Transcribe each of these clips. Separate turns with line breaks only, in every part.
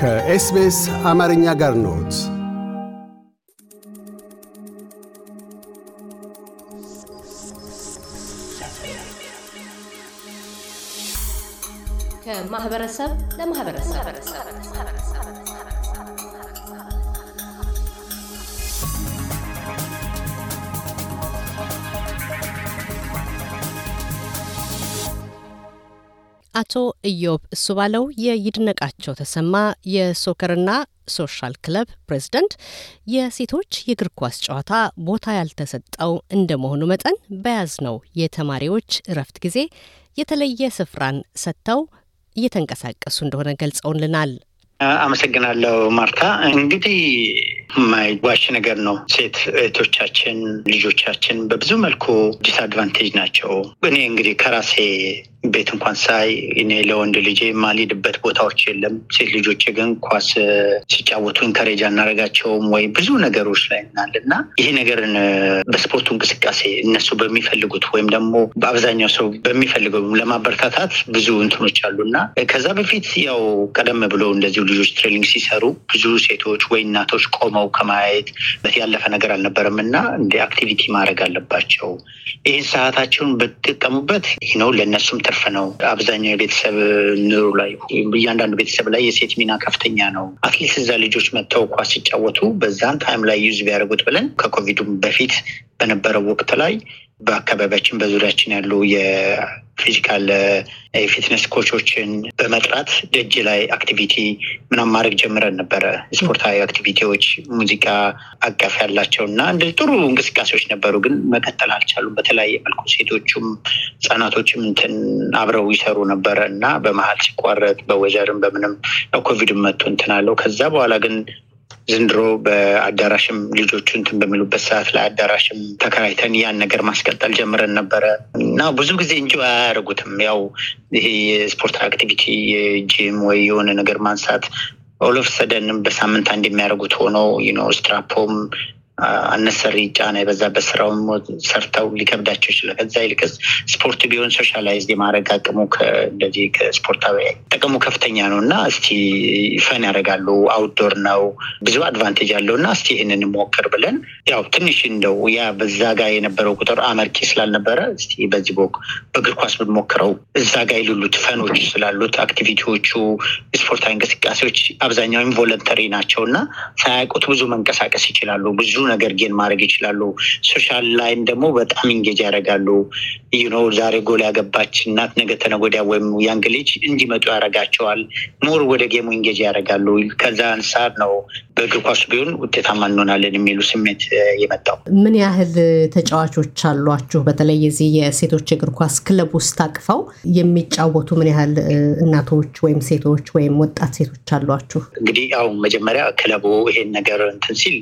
ከኤስቤስ አማርኛ ጋር ነት ከማህበረሰብ ለማህበረሰብ አቶ ኢዮብ እሱ ባለው የይድነቃቸው ተሰማ የሶከርና ሶሻል ክለብ ፕሬዝደንት፣ የሴቶች የእግር ኳስ ጨዋታ ቦታ ያልተሰጠው እንደመሆኑ መጠን በያዝ ነው የተማሪዎች እረፍት ጊዜ የተለየ ስፍራን ሰጥተው እየተንቀሳቀሱ እንደሆነ ገልጸውልናል።
አመሰግናለሁ ማርታ። እንግዲህ ማይጓሽ ነገር ነው። ሴት እህቶቻችን ልጆቻችን በብዙ መልኩ ዲስአድቫንቴጅ ናቸው። እኔ እንግዲህ ከራሴ ቤት እንኳን ሳይ እኔ ለወንድ ልጄ የማልሄድበት ቦታዎች የለም። ሴት ልጆች ግን ኳስ ሲጫወቱ እንከሬጃ እናደርጋቸውም ወይ ብዙ ነገሮች ላይ እናል እና ይሄ ነገርን በስፖርቱ እንቅስቃሴ እነሱ በሚፈልጉት ወይም ደግሞ በአብዛኛው ሰው በሚፈልገው ለማበረታታት ብዙ እንትኖች አሉ እና ከዛ በፊት ያው ቀደም ብሎ እንደዚሁ ልጆች ትሬኒንግ ሲሰሩ ብዙ ሴቶች ወይ እናቶች ቆመው ከማየት ያለፈ ነገር አልነበረም እና እንደ አክቲቪቲ ማድረግ አለባቸው። ይህን ሰዓታቸውን በተጠቀሙበት ነው ለእነሱም የሚያርፍ ነው። አብዛኛው የቤተሰብ ኑሮ ላይ እያንዳንዱ ቤተሰብ ላይ የሴት ሚና ከፍተኛ ነው። አትሊስት እዛ ልጆች መጥተው ኳስ ሲጫወቱ በዛን ታይም ላይ ዩዝ ቢያደርጉት ብለን ከኮቪዱም በፊት በነበረው ወቅት ላይ በአካባቢያችን በዙሪያችን ያሉ የፊዚካል የፊትነስ ኮቾችን በመጥራት ደጅ ላይ አክቲቪቲ ምናም ማድረግ ጀምረን ነበረ። ስፖርታዊ አክቲቪቲዎች፣ ሙዚቃ አቀፍ ያላቸው እና እንደ ጥሩ እንቅስቃሴዎች ነበሩ፣ ግን መቀጠል አልቻሉም። በተለያየ መልኩ ሴቶቹም ህጻናቶችም እንትን አብረው ይሰሩ ነበረ እና በመሀል ሲቋረጥ በወዘርም በምንም ኮቪድ መጥቶ እንትን አለው። ከዛ በኋላ ግን ዘንድሮ በአዳራሽም ልጆቹ እንትን በሚሉበት ሰዓት ላይ አዳራሽም ተከራይተን ያን ነገር ማስቀጠል ጀምረን ነበረ እና ብዙ ጊዜ እንጂ አያደርጉትም። ያው ይሄ የስፖርት አክቲቪቲ የጂም ወይ የሆነ ነገር ማንሳት ኦሎፍ ሰደንም በሳምንት አንድ የሚያደርጉት ሆኖ ስትራፖም አነሰሪ ጫና የበዛበት ስራውን ሰርተው ሊከብዳቸው ይችላል። ከዛ ይልቅስ ስፖርት ቢሆን ሶሻላይዝ የማድረግ አቅሙ እንደዚህ ከስፖርታዊ ጥቅሙ ከፍተኛ ነው እና እስቲ ፈን ያደርጋሉ። አውትዶር ነው ብዙ አድቫንቴጅ አለው እና እስቲ ይህንን ሞክር ብለን ያው ትንሽ እንደው ያ በዛ ጋ የነበረው ቁጥር አመርቂ ስላልነበረ እስቲ በዚህ በእግር ኳስ ብንሞክረው እዛ ጋ ይሉሉት ፈኖች ስላሉት አክቲቪቲዎቹ ስፖርታዊ እንቅስቃሴዎች አብዛኛውን ቮለንተሪ ናቸው እና ሳያውቁት ብዙ መንቀሳቀስ ይችላሉ ብዙ ነገር ጌን ማድረግ ይችላሉ። ሶሻል ላይን ደግሞ በጣም እንጌጅ ያደርጋሉ። ዩኖ ዛሬ ጎል ያገባች እናት ነገ ተነጎዳ ወይም ያንግ ልጅ እንዲመጡ ያደርጋቸዋል። ሞር ወደ ጌሙ እንጌጅ ያደርጋሉ። ከዛ አንሳር ነው በእግር ኳሱ ቢሆን ውጤታማ እንሆናለን የሚሉ ስሜት የመጣው።
ምን ያህል ተጫዋቾች አሏችሁ? በተለይ የዚህ የሴቶች እግር ኳስ ክለብ ውስጥ አቅፈው የሚጫወቱ ምን ያህል እናቶች ወይም ሴቶች ወይም ወጣት ሴቶች አሏችሁ?
እንግዲህ አሁን መጀመሪያ ክለቡ ይሄን ነገር እንትን ሲል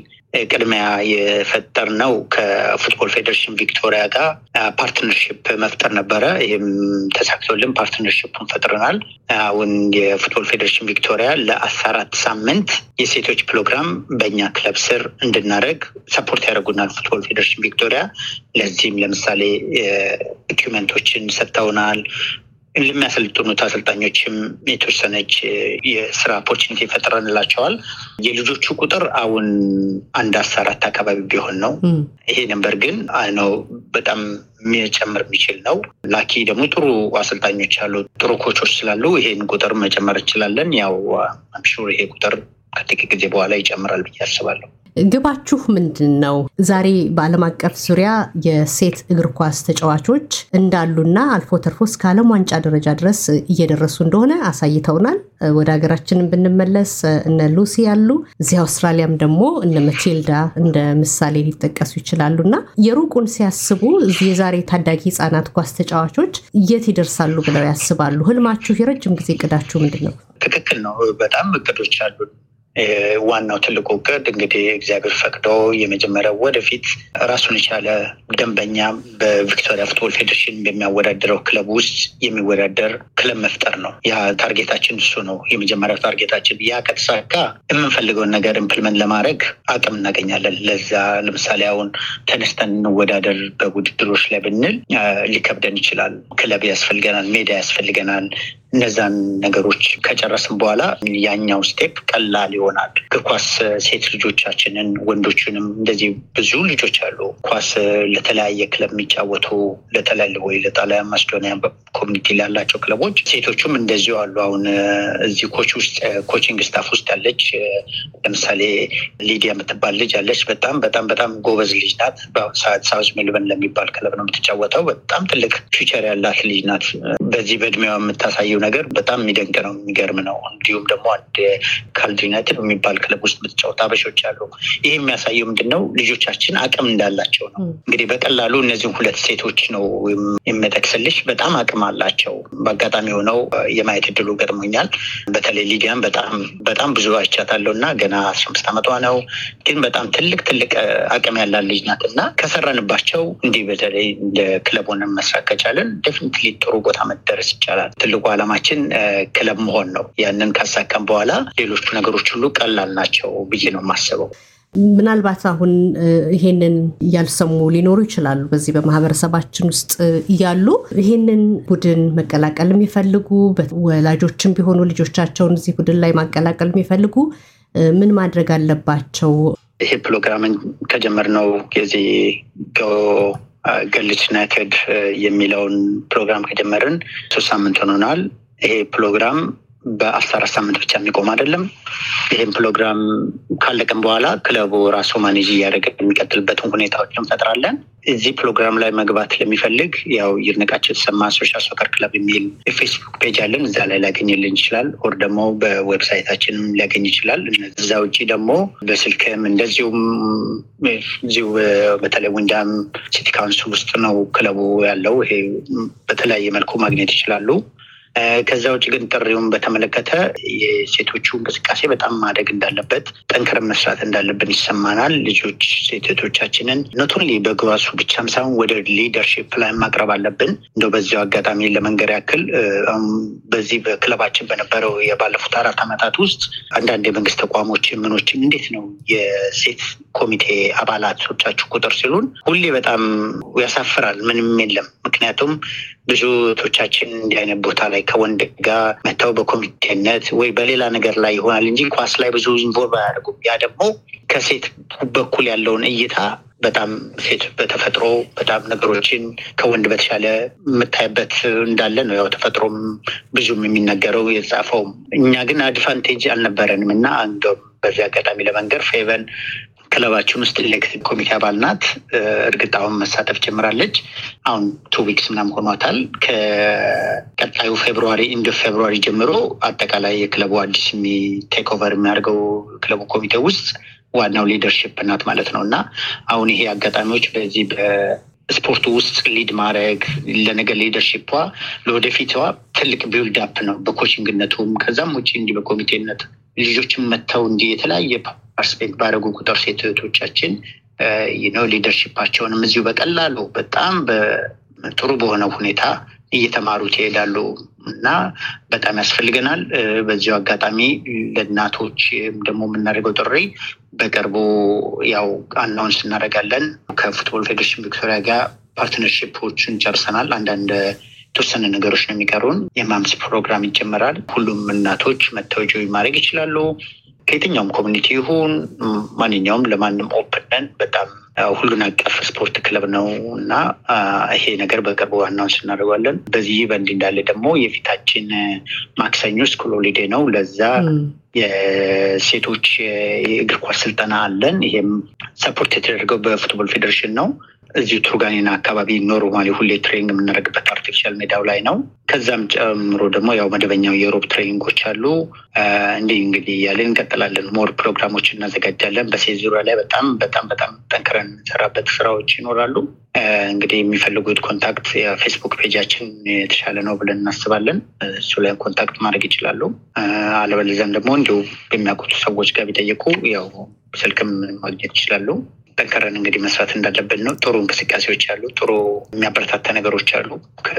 ቅድሚያ የፈጠር ነው ከፉትቦል ፌዴሬሽን ቪክቶሪያ ጋር ፓርትነርሽፕ መፍጠር ነበረ። ይህም ተሳክቶልን ፓርትነርሽፑን ፈጥረናል። አሁን የፉትቦል ፌዴሬሽን ቪክቶሪያ ለአስራአራት ሳምንት የሴቶች ፕሮግራም በእኛ ክለብ ስር እንድናደረግ ሰፖርት ያደርጉናል ፉትቦል ፌዴሬሽን ቪክቶሪያ። ለዚህም ለምሳሌ ዶኪመንቶችን ሰጥተውናል። ለሚያሰልጥኑት አሰልጣኞችም የተወሰነች የስራ ኦፖርቹኒቲ ይፈጥረንላቸዋል የልጆቹ ቁጥር አሁን አንድ አስራ አካባቢ ቢሆን ነው። ይሄ ነበር ግን ነው በጣም የሚጨምር የሚችል ነው። ላኪ ደግሞ ጥሩ አሰልጣኞች አሉ፣ ጥሩ ኮቾች ስላሉ ይሄን ቁጥር መጨመር እንችላለን። ያው አምሹር ይሄ ቁጥር ከጥቂት ጊዜ በኋላ ይጨምራል ብዬ አስባለሁ።
ግባችሁ ምንድን ነው? ዛሬ በዓለም አቀፍ ዙሪያ የሴት እግር ኳስ ተጫዋቾች እንዳሉና አልፎ ተርፎ እስከ ዓለም ዋንጫ ደረጃ ድረስ እየደረሱ እንደሆነ አሳይተውናል። ወደ ሀገራችንም ብንመለስ እነ ሉሲ ያሉ እዚህ አውስትራሊያም ደግሞ እነ መቴልዳ እንደ ምሳሌ ሊጠቀሱ ይችላሉና የሩቁን ሲያስቡ የዛሬ ታዳጊ ህጻናት ኳስ ተጫዋቾች የት ይደርሳሉ ብለው ያስባሉ? ህልማችሁ፣ የረጅም ጊዜ እቅዳችሁ ምንድን ነው?
ትክክል ነው። በጣም እቅዶች አሉን። ዋናው ትልቁ እቅድ እንግዲህ እግዚአብሔር ፈቅዶ የመጀመሪያው ወደፊት ራሱን የቻለ ደንበኛ በቪክቶሪያ ፉትቦል ፌዴሬሽን በሚያወዳደረው ክለብ ውስጥ የሚወዳደር ክለብ መፍጠር ነው። ያ ታርጌታችን እሱ ነው። የመጀመሪያው ታርጌታችን ያ ከተሳካ የምንፈልገውን ነገር ኢምፕልመንት ለማድረግ አቅም እናገኛለን። ለዛ ለምሳሌ አሁን ተነስተን እንወዳደር በውድድሮች ላይ ብንል ሊከብደን ይችላል። ክለብ ያስፈልገናል፣ ሜዳ ያስፈልገናል፣ እነዛን ነገሮች ከጨረስን በኋላ ያኛው ስቴፕ ቀላል ይሆናል። እግር ኳስ ሴት ልጆቻችንን ወንዶችንም እንደዚህ ብዙ ልጆች አሉ ኳስ ለተለያየ ክለብ የሚጫወቱ ለተለያዩ ወይ ለጣሊያን ማስዶኒያ ኮሚኒቲ ላላቸው ክለቦች ሴቶቹም እንደዚሁ አሉ። አሁን እዚህ ኮች ውስጥ ኮችንግ ስታፍ ውስጥ ያለች ለምሳሌ ሊዲያ የምትባል ልጅ አለች። በጣም በጣም በጣም ጎበዝ ልጅ ናት። ሰዓት ሳውዝ ሜልበርን ለሚባል ክለብ ነው የምትጫወተው። በጣም ትልቅ ፊቸር ያላት ልጅ ናት። በዚህ በእድሜዋ የምታሳየው ነገር በጣም የሚደንቅ ነው፣ የሚገርም ነው። እንዲሁም ደግሞ አንድ ካልድ ዩናይትድ የሚባል ክለብ ውስጥ የምትጫወት አበሾች አሉ። ይህ የሚያሳየው ምንድን ነው? ልጆቻችን አቅም እንዳላቸው ነው። እንግዲህ በቀላሉ እነዚህን ሁለት ሴቶች ነው የመጠቅስልሽ በጣም አቅም አላቸው። በአጋጣሚ ሆነው የማየት እድሉ ገጥሞኛል። በተለይ ሊዲያን በጣም በጣም ብዙ አይቻታለሁ እና ገና አስራአምስት አመቷ ነው፣ ግን በጣም ትልቅ ትልቅ አቅም ያላት ልጅ ናት እና ከሰራንባቸው እንዲህ በተለይ እንደ ክለብ መስራት ከቻለን ዴፊኒትሊ ጥሩ ቦታ መደረስ ይቻላል። ትልቁ አላ አላማችን ክለብ መሆን ነው። ያንን
ካሳካም በኋላ ሌሎቹ ነገሮች ሁሉ ቀላል ናቸው ብዬ ነው የማስበው። ምናልባት አሁን ይሄንን እያልሰሙ ሊኖሩ ይችላሉ። በዚህ በማህበረሰባችን ውስጥ እያሉ ይሄንን ቡድን መቀላቀል የሚፈልጉ ወላጆችም ቢሆኑ ልጆቻቸውን እዚህ ቡድን ላይ ማቀላቀል የሚፈልጉ ምን ማድረግ አለባቸው?
ይሄ ፕሮግራምን ከጀመርነው ጊዜ ገልች ዩናይትድ የሚለውን ፕሮግራም ከጀመርን ሶስት ሳምንት ሆኖናል። ይሄ ፕሮግራም በአስራ አራት ሳምንት ብቻ የሚቆም አይደለም። ይህም ፕሮግራም ካለቀም በኋላ ክለቡ ራሱ ማኔጅ እያደረገ የሚቀጥልበትን ሁኔታዎች እንፈጥራለን። እዚህ ፕሮግራም ላይ መግባት ለሚፈልግ ያው ይድነቃቸው የተሰማ ሶሻል ሶከር ክለብ የሚል ፌስቡክ ፔጅ አለን። እዛ ላይ ሊያገኝልን ይችላል። ወር ደግሞ በዌብሳይታችንም ሊያገኝ ይችላል። እዛ ውጭ ደግሞ በስልክም እንደዚሁም እዚሁ በተለይ ወንዳም ሲቲ ካውንስል ውስጥ ነው ክለቡ ያለው። ይሄ በተለያየ መልኩ ማግኘት ይችላሉ። ከዛ ውጭ ግን ጥሪውን በተመለከተ የሴቶቹ እንቅስቃሴ በጣም ማደግ እንዳለበት ጠንክረን መስራት እንዳለብን ይሰማናል። ልጆች ሴቶቻችንን ኖቶሊ በግባሱ ብቻም ሳይሆን ወደ ሊደርሽፕ ላይ ማቅረብ አለብን። እንደ በዚያው አጋጣሚ ለመንገድ ያክል በዚህ በክለባችን በነበረው የባለፉት አራት ዓመታት ውስጥ አንዳንድ የመንግስት ተቋሞች ምኖችን እንዴት ነው የሴት ኮሚቴ አባላቶቻችሁ ቁጥር ሲሉን ሁሌ በጣም ያሳፍራል። ምንም የለም ምክንያቱም ብዙ እህቶቻችን እንዲህ አይነት ቦታ ላይ ከወንድ ጋር መተው በኮሚቴነት ወይ በሌላ ነገር ላይ ይሆናል እንጂ ኳስ ላይ ብዙ ኢንቮልቭ አያደርጉም። ያ ደግሞ ከሴት በኩል ያለውን እይታ በጣም ሴት በተፈጥሮ በጣም ነገሮችን ከወንድ በተሻለ የምታይበት እንዳለ ነው። ያው ተፈጥሮም ብዙም የሚነገረው የተጻፈውም። እኛ ግን አድቫንቴጅ አልነበረንም እና አንዶም በዚህ አጋጣሚ ለመንገር ፌቨን ክለባችን ውስጥ ኤሌክቲቭ ኮሚቴ አባል ናት። እርግጥ አሁን መሳተፍ ጀምራለች። አሁን ቱ ዊክስ ምናም ሆኗታል። ከቀጣዩ ፌብሩዋሪ ኢንድ ፌብሩዋሪ ጀምሮ አጠቃላይ የክለቡ አዲስ ቴክ ኦቨር የሚያደርገው ክለቡ ኮሚቴ ውስጥ ዋናው ሊደርሽፕ ናት ማለት ነው እና አሁን ይሄ አጋጣሚዎች በዚህ ስፖርቱ ውስጥ ሊድ ማድረግ ለነገ ሊደርሽፕ ለወደፊትዋ ትልቅ ቢውልድ አፕ ነው። በኮችንግነቱም ከዛም ውጭ እንዲህ በኮሚቴነት ልጆችን መጥተው እንዲህ የተለያየ ፓርቲስፔት ባደረጉ ቁጥር ሴት እህቶቻችን ነው ሊደርሽፓቸውንም እዚሁ በቀላሉ በጣም ጥሩ በሆነ ሁኔታ እየተማሩት ይሄዳሉ እና በጣም ያስፈልገናል። በዚሁ አጋጣሚ ለእናቶች ደግሞ የምናደርገው ጥሪ በቅርቡ ያው አናውንስ እናደረጋለን ከፉትቦል ፌዴሬሽን ቪክቶሪያ ጋር ፓርትነርሺፖችን ጨርሰናል። አንዳንድ የተወሰነ ነገሮች ነው የሚቀሩን። የማምስ ፕሮግራም ይጀመራል። ሁሉም እናቶች መታወጃዊ ማድረግ ይችላሉ። ከየትኛውም ኮሚኒቲ ይሁን ማንኛውም ለማንም ኦፕነን በጣም ሁሉን አቀፍ ስፖርት ክለብ ነው እና ይሄ ነገር በቅርቡ አናውንስ እናደርጋለን። በዚህ በእንዲ እንዳለ ደግሞ የፊታችን ማክሰኞ ስኩል ሊዴ ነው። ለዛ የሴቶች የእግር ኳስ ስልጠና አለን። ይሄም ሰፖርት የተደረገው በፉትቦል ፌዴሬሽን ነው። እዚሁ ቱርጋኔና አካባቢ ኖርማሊ ሁሌ ትሬኒንግ የምናደርግበት አርቲፊሻል ሜዳው ላይ ነው። ከዛም ጨምሮ ደግሞ ያው መደበኛው የሮብ ትሬኒንጎች አሉ። እንዲህ እንግዲህ እያለን እንቀጥላለን። ሞር ፕሮግራሞች እናዘጋጃለን። በሴት ዙሪያ ላይ በጣም በጣም በጣም ጠንክረን የምንሰራበት ስራዎች ይኖራሉ። እንግዲህ የሚፈልጉት ኮንታክት የፌስቡክ ፔጃችን የተሻለ ነው ብለን እናስባለን። እሱ ላይ ኮንታክት ማድረግ ይችላሉ። አለበለዚያም ደግሞ እንዲሁ በሚያውቁት ሰዎች ጋር ቢጠየቁ ያው ስልክም ማግኘት ይችላሉ። ጠንከረን እንግዲህ መስራት እንዳለብን ነው። ጥሩ እንቅስቃሴዎች አሉ። ጥሩ የሚያበረታታ ነገሮች አሉ።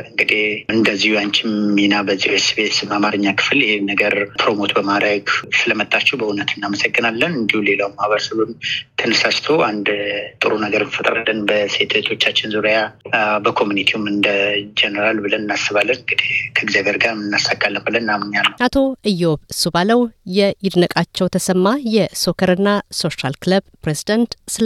እንግዲህ እንደዚሁ አንቺም ሚና በዚ ስቤስ አማርኛ ክፍል ይህ ነገር ፕሮሞት በማድረግ ስለመጣችሁ በእውነት እናመሰግናለን። እንዲሁ ሌላው ማህበረሰብም ተነሳስቶ አንድ ጥሩ ነገር እንፈጥራለን በሴት እህቶቻችን ዙሪያ በኮሚኒቲውም እንደ ጀነራል ብለን እናስባለን። እንግዲህ ከእግዚአብሔር ጋር እናሳካለን ብለን እናምኛለን።
አቶ ኢዮብ እሱ ባለው የይድነቃቸው ተሰማ የሶከርና ሶሻል ክለብ ፕሬዚደንት ስለ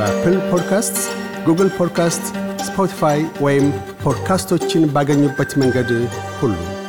በአፕል ፖድካስት፣ ጉግል ፖድካስት፣ ስፖቲፋይ ወይም ፖድካስቶችን ባገኙበት መንገድ ሁሉ